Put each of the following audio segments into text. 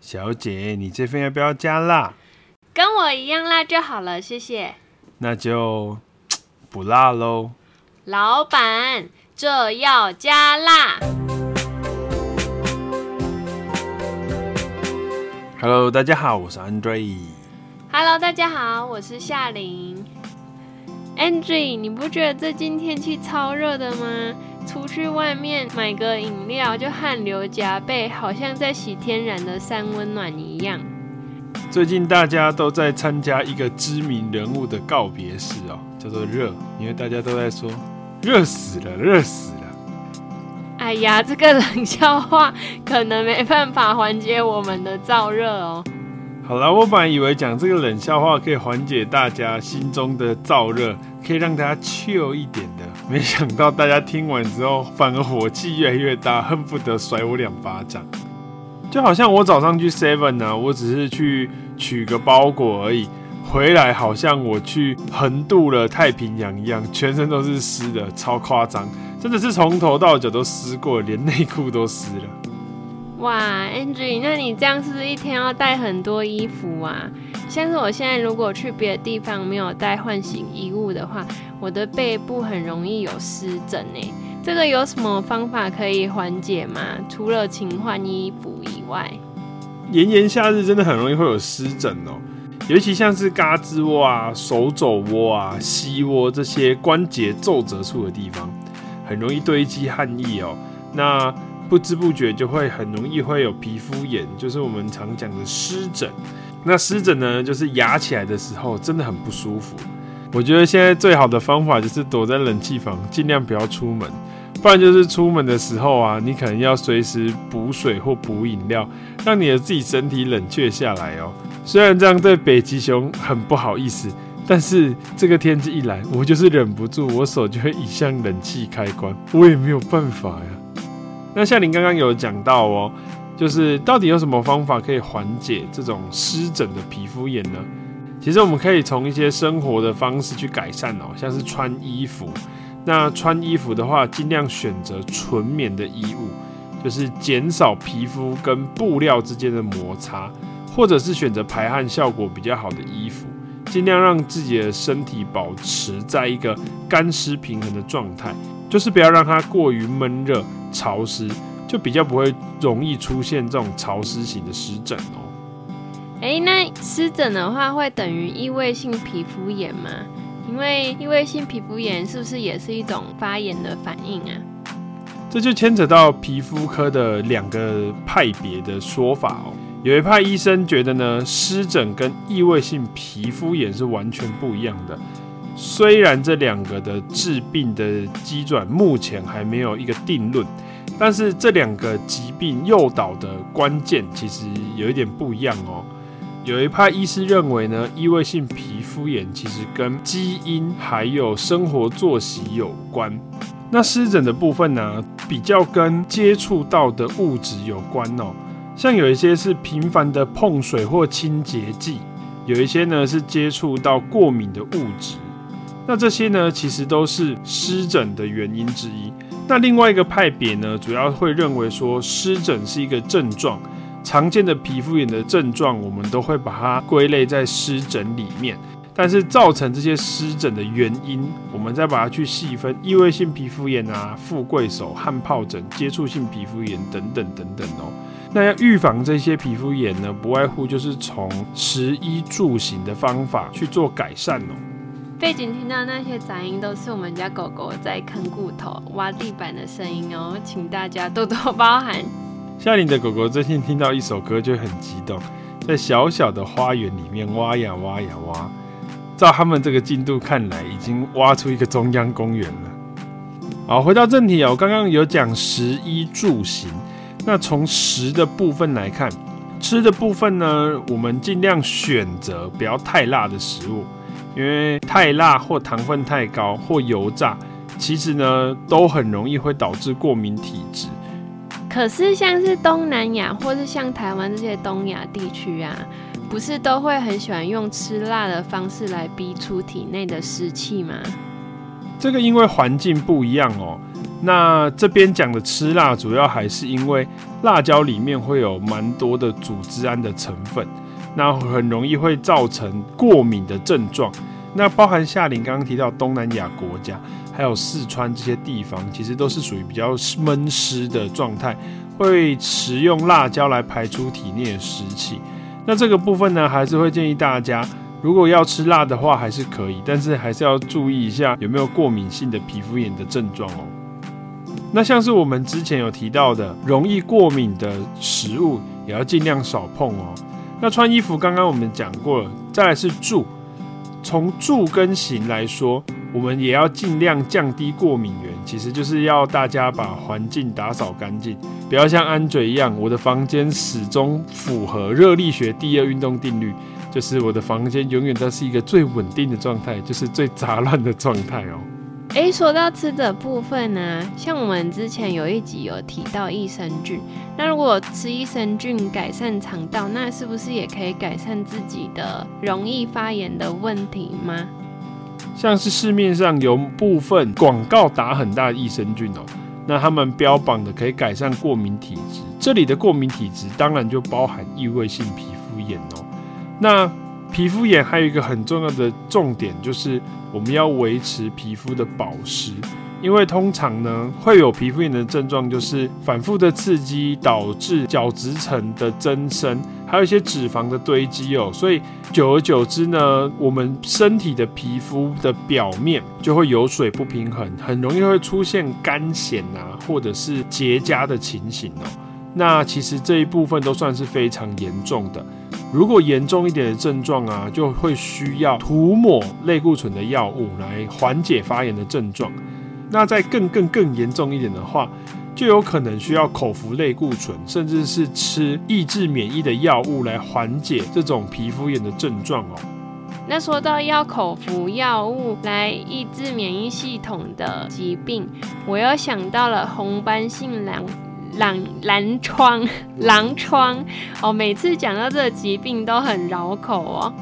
小姐，你這份要不要加辣？跟我一樣辣就好了，謝謝。那就不辣嘍。老闆，這要加辣。Hello，大家好，我是 Andre。Hello，大家好，我是夏玲。Andrew，你不覺得最近天氣超熱的嗎？出去外面買個飲料就汗流浹背，好像在洗天然的三溫暖一樣。最近大家都在參加一個知名人物的告別式哦，叫做“熱”，因為大家都在說“熱死了，熱死了”。哎呀，這個冷笑話可能沒辦法緩解我們的燥熱哦、喔。好了，我本來以為講這個冷笑話可以緩解大家心中的燥熱，可以讓大家 chill 一點的，沒想到大家聽完之後反而火氣越來越大，恨不得甩我兩巴掌。就好像我早上去 Seven 呢、啊，我只是去取個包裹而已，回來好像我去橫渡了太平洋一樣，全身都是濕的，超誇張，真的是從頭到腳都濕過，連內褲都濕了。哇 Angie，那你這樣是不是一天要帶很多衣服啊？像是我現在如果去別的地方沒有帶換洗衣物的話，我的背部很容易有濕疹呢。這個有什麼方法可以緩解嗎？除了勤換衣服以外，炎炎夏日真的很容易會有濕疹哦，尤其像是胳肢窩啊、手肘窩啊、膝窩這些關節皺褶處的地方，很容易堆積汗液哦、喔。那不知不覺就會很容易會有皮膚炎，就是我們常講的濕疹。那濕疹呢，就是癢起來的時候真的很不舒服。我覺得現在最好的方法就是躲在冷氣房，盡量不要出門，不然就是出門的時候啊，你可能要隨時補水或補飲料，讓你的自己身體冷卻下來哦。雖然這樣對北極熊很不好意思，但是這個天氣一來，我就是忍不住，我手就會移向冷氣開關，我也沒有辦法呀。那像您剛剛有講到哦，就是到底有什麼方法可以緩解這種濕疹的皮膚炎呢？其實我們可以從一些生活的方式去改善哦，像是穿衣服。那穿衣服的話，盡量選擇純棉的衣物，就是減少皮膚跟布料之間的摩擦，或者是選擇排汗效果比較好的衣服。盡量讓自己的身體保持在一個乾濕平衡的狀態，就是不要讓它過於悶熱、潮濕，就比較不會容易出現這種潮濕型的濕疹哦。哎、欸，那濕疹的話，會等於異位性皮膚炎嗎？因為異位性皮膚炎是不是也是一種發炎的反應啊？這就牽扯到皮膚科的兩個派別的說法哦。有一派醫生覺得呢，濕疹跟異位性皮膚炎是完全不一樣的。雖然這兩個的致病的機轉目前還沒有一個定論，但是這兩個疾病誘導的關鍵其實有一點不一樣哦。有一派醫師認為呢，異位性皮膚炎其實跟基因還有生活作息有關，那濕疹的部分呢，比較跟接觸到的物質有關哦。像有一些是頻繁的碰水或清潔劑，有一些呢是接觸到過敏的物質，那這些呢其實都是濕疹的原因之一。那另外一個派別呢，主要會認為說，濕疹是一個症狀，常見的皮膚炎的症狀，我們都會把它歸類在濕疹裡面。但是造成這些濕疹的原因，我們再把它去細分，異位性皮膚炎啊、富貴手、汗皰疹、接觸性皮膚炎等等等等哦、喔。那要預防這些皮膚炎呢，不外乎就是從食衣住行的方法去做改善哦。背景聽到那些雜音，都是我們家狗狗在啃骨頭、挖地板的聲音哦，請大家多多包涵。夏令的狗狗最近聽到一首歌就很激動，在小小的花園裡面挖呀挖呀挖呀挖，照他們這個進度看來，已經挖出一個中央公園了。好，回到正題啊、哦，我剛剛有講食衣住行。那從食的部分來看，吃的部分呢，我們盡量選擇不要太辣的食物，因為太辣或糖分太高或油炸，其實呢都很容易會導致過敏體質。可是像是東南亞或是像台灣這些東亞地區啊，不是都會很喜歡用吃辣的方式來逼出體內的濕氣嗎？這個因為環境不一樣哦。那這邊講的吃辣，主要還是因為辣椒裡面會有蠻多的組織胺的成分，那很容易會造成過敏的症狀。那包含夏琳剛剛提到東南亞國家，還有四川這些地方，其實都是屬於比較悶濕的狀態，會食用辣椒來排出體內的濕氣。那這個部分呢，還是會建議大家，如果要吃辣的話，還是可以，但是還是要注意一下有沒有過敏性的皮膚炎的症狀哦。那像是我們之前有提到的，容易過敏的食物也要盡量少碰哦、喔。那穿衣服，剛剛我們講過了。再來是住，從住跟行來說，我們也要盡量降低過敏源。其實就是要大家把環境打掃乾淨，不要像安嘴一樣，我的房間始終符合熱力學第二運動定律，就是我的房間永遠都是一個最穩定的狀態，就是最雜亂的狀態哦。誒，說到吃的部分呢、啊，像我們之前有一集有提到益生菌，那如果吃益生菌改善腸道，那是不是也可以改善自己的容易發炎的問題嗎？像是市面上有部分廣告打很大的益生菌哦，那他們標榜的可以改善過敏體質，這裡的過敏體質當然就包含異位性皮膚炎哦。那皮膚炎還有一個很重要的重點就是。我們要維持皮膚的保濕，因為通常呢，會有皮膚炎的症狀，就是反覆的刺激導致角質層的增生，還有一些脂肪的堆積哦。所以久而久之呢，我們身體的皮膚的表面就會油有水不平衡，很容易會出現乾癬啊，或者是結痂的情形哦。那其實這一部分都算是非常嚴重的。如果嚴重一點的症狀啊，就會需要塗抹類固醇的藥物來緩解發炎的症狀。那再更更更嚴重一點的話，就有可能需要口服類固醇，甚至是吃抑制免疫的藥物來緩解這種皮膚炎的症狀哦。那說到要口服藥物來抑制免疫系統的疾病，我又想到了紅斑性狼。狼瘡，狼瘡哦，每次講到這個疾病都很繞口哦。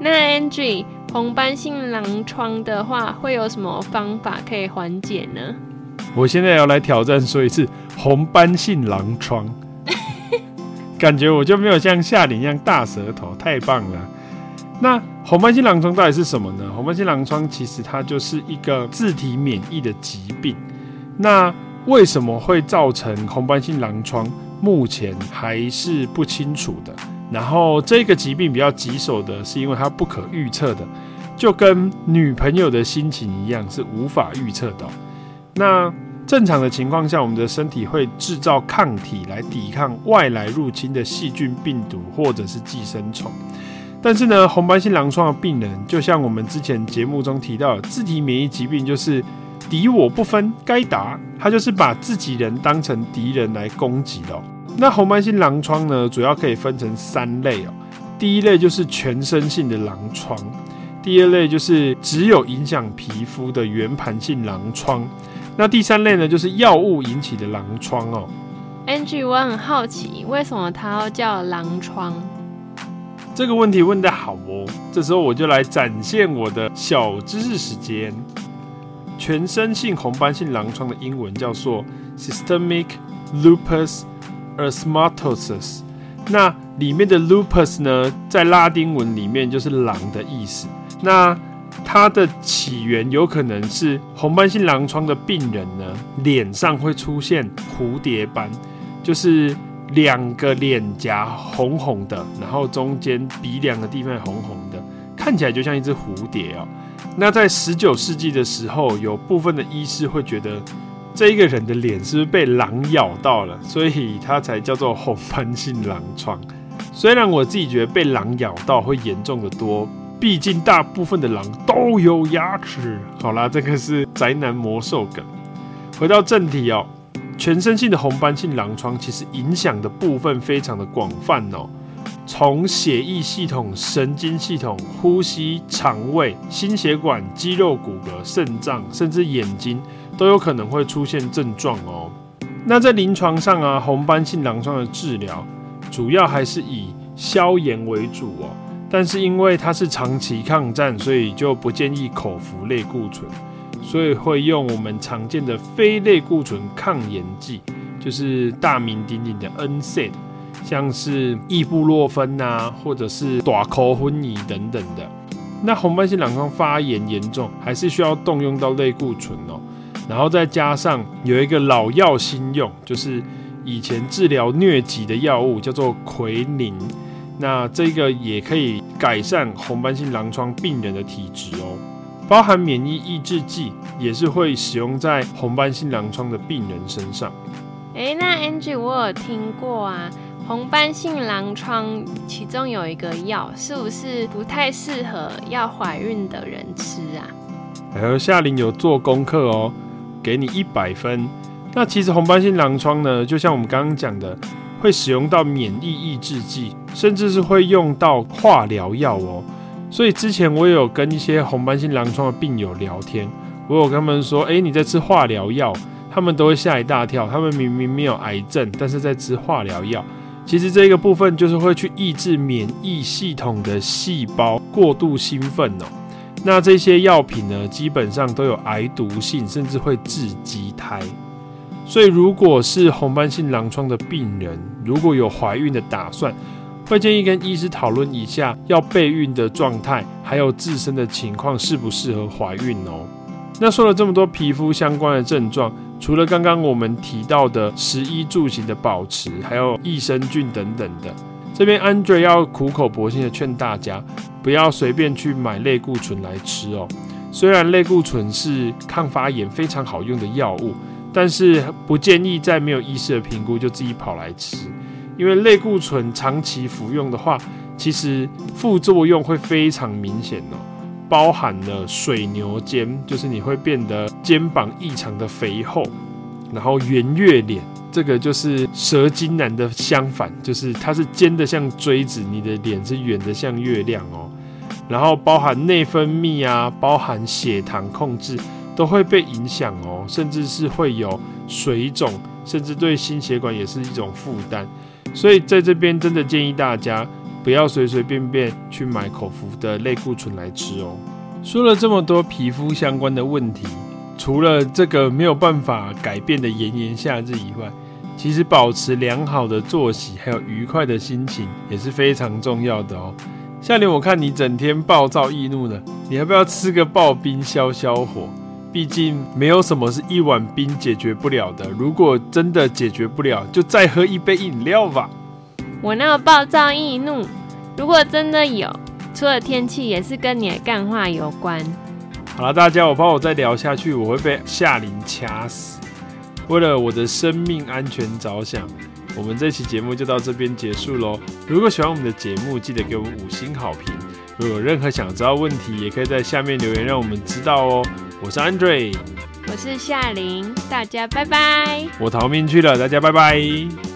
那 Angie，紅斑性狼瘡的話，會有什麼方法可以緩解呢？我現在要來挑戰說一次紅斑性狼瘡， 感覺我就沒有像夏琳一樣大舌頭，太棒了。那紅斑性狼瘡到底是什麼呢？紅斑性狼瘡其實它就是一個自體免疫的疾病。那為什麼會造成紅斑性狼瘡？目前還是不清楚的。然後這個疾病比較棘手的是，因為它不可預測的，就跟女朋友的心情一樣，是無法預測到。那正常的情況下，我們的身體會製造抗體來抵抗外來入侵的細菌、病毒或者是寄生蟲。但是呢，紅斑性狼瘡的病人，就像我們之前節目中提到的，自體免疫疾病就是。敵我不分，該打，他就是把自己人當成敵人來攻擊了、喔。那紅斑性狼瘡呢，主要可以分成三類哦、喔。第一類就是全身性的狼瘡，第二類就是只有影響皮膚的圓盤性狼瘡，那第三類呢，就是藥物引起的狼瘡哦、喔。Angie，我很好奇，為什麼它要叫狼瘡？這個問題問得好哦、喔，這時候我就來展現我的小知識時間。全身性紅斑性狼瘡的英文叫做 Systemic Lupus Erythematosus。那裡面的 Lupus 呢，在拉丁文裡面就是“狼”的意思。那它的起源有可能是紅斑性狼瘡的病人呢，臉上會出現蝴蝶斑，就是兩個臉頰紅紅的，然後中間鼻梁的地方紅紅的，看起來就像一隻蝴蝶哦。那在十九世紀的時候，有部分的醫師會覺得這一個人的臉是不是被狼咬到了，所以他才叫做紅斑性狼瘡。雖然我自己覺得被狼咬到會嚴重得多，畢竟大部分的狼都有牙齒。好啦，這個是宅男魔獸梗。回到正題哦、喔，全身性的紅斑性狼瘡其實影響的部分非常的廣泛哦、喔。從血液系統、神經系統、呼吸、腸胃、心血管、肌肉骨骼、腎臟，甚至眼睛，都有可能會出現症狀哦。那在臨床上啊，紅斑性狼瘡的治療主要還是以消炎為主哦。但是因為它是長期抗戰，所以就不建議口服類固醇，所以會用我們常見的非類固醇抗炎劑，就是大名鼎鼎的 NSAID。像是異布洛芬啊，或者是吲口昏乙等等的。那紅斑性狼瘡發炎嚴重，還是需要動用到類固醇哦。然後再加上有一個老藥新用，就是以前治療瘧疾的藥物叫做奎寧。那這個也可以改善紅斑性狼瘡病人的體質哦。包含免疫抑制劑也是會使用在紅斑性狼瘡的病人身上。哎、欸，那 Angie 我有聽過啊。紅斑性狼瘡，其中有一個藥是不是不太適合要懷孕的人吃啊？哎，夏琳有做功課哦，給你一百分。那其實紅斑性狼瘡呢，就像我們剛剛講的，會使用到免疫抑制劑，甚至是會用到化療藥哦。所以之前我也有跟一些紅斑性狼瘡的病友聊天，我有跟他們說：“哎、欸，你在吃化療藥。”他們都會嚇一大跳，他們明明沒有癌症，但是在吃化療藥。其實這個部分就是會去抑制免疫系統的細胞過度興奮哦。那這些藥品呢，基本上都有癌毒性，甚至會致畸胎。所以，如果是紅斑性狼瘡的病人，如果有懷孕的打算，會建議跟醫師討論一下要備孕的狀態，還有自身的情況適不適合懷孕哦。那說了這麼多皮膚相關的症狀。除了剛剛我們提到的食衣住行的保持，還有益生菌等等的，這邊安德要苦口婆心的勸大家，不要隨便去買類固醇來吃哦。雖然類固醇是抗發炎非常好用的藥物，但是不建議在沒有醫師的評估就自己跑來吃，因為類固醇長期服用的話，其實副作用會非常明顯哦。包含了水牛肩，就是你會變得肩膀異常的肥厚，然後圓月臉，這個就是蛇精男的相反，就是它是尖的像錐子，你的臉是圓的像月亮哦。然後包含內分泌啊，包含血糖控制都會被影響哦，甚至是會有水腫，甚至對心血管也是一種負擔。所以在這邊真的建議大家。不要隨隨便便去買口服的類固醇來吃哦。說了這麼多皮膚相關的問題，除了這個沒有辦法改變的炎炎夏日以外，其實保持良好的作息還有愉快的心情也是非常重要的哦。夏天，我看你整天暴躁易怒的，你要不要吃個刨冰消消火？畢竟沒有什麼是一碗冰解決不了的。如果真的解決不了，就再喝一杯飲料吧。我那麼暴躁易怒，如果真的有，除了天氣，也是跟你的幹話有關。好了，大家，我怕我再聊下去，我會被夏琳掐死。為了我的生命安全着想，我們這期節目就到這邊結束嘍。如果喜歡我們的節目，記得給我們五星好評。如果有任何想知道問題，也可以在下面留言，讓我們知道哦。我是 Andre，我是夏琳，大家拜拜。我逃命去了，大家拜拜。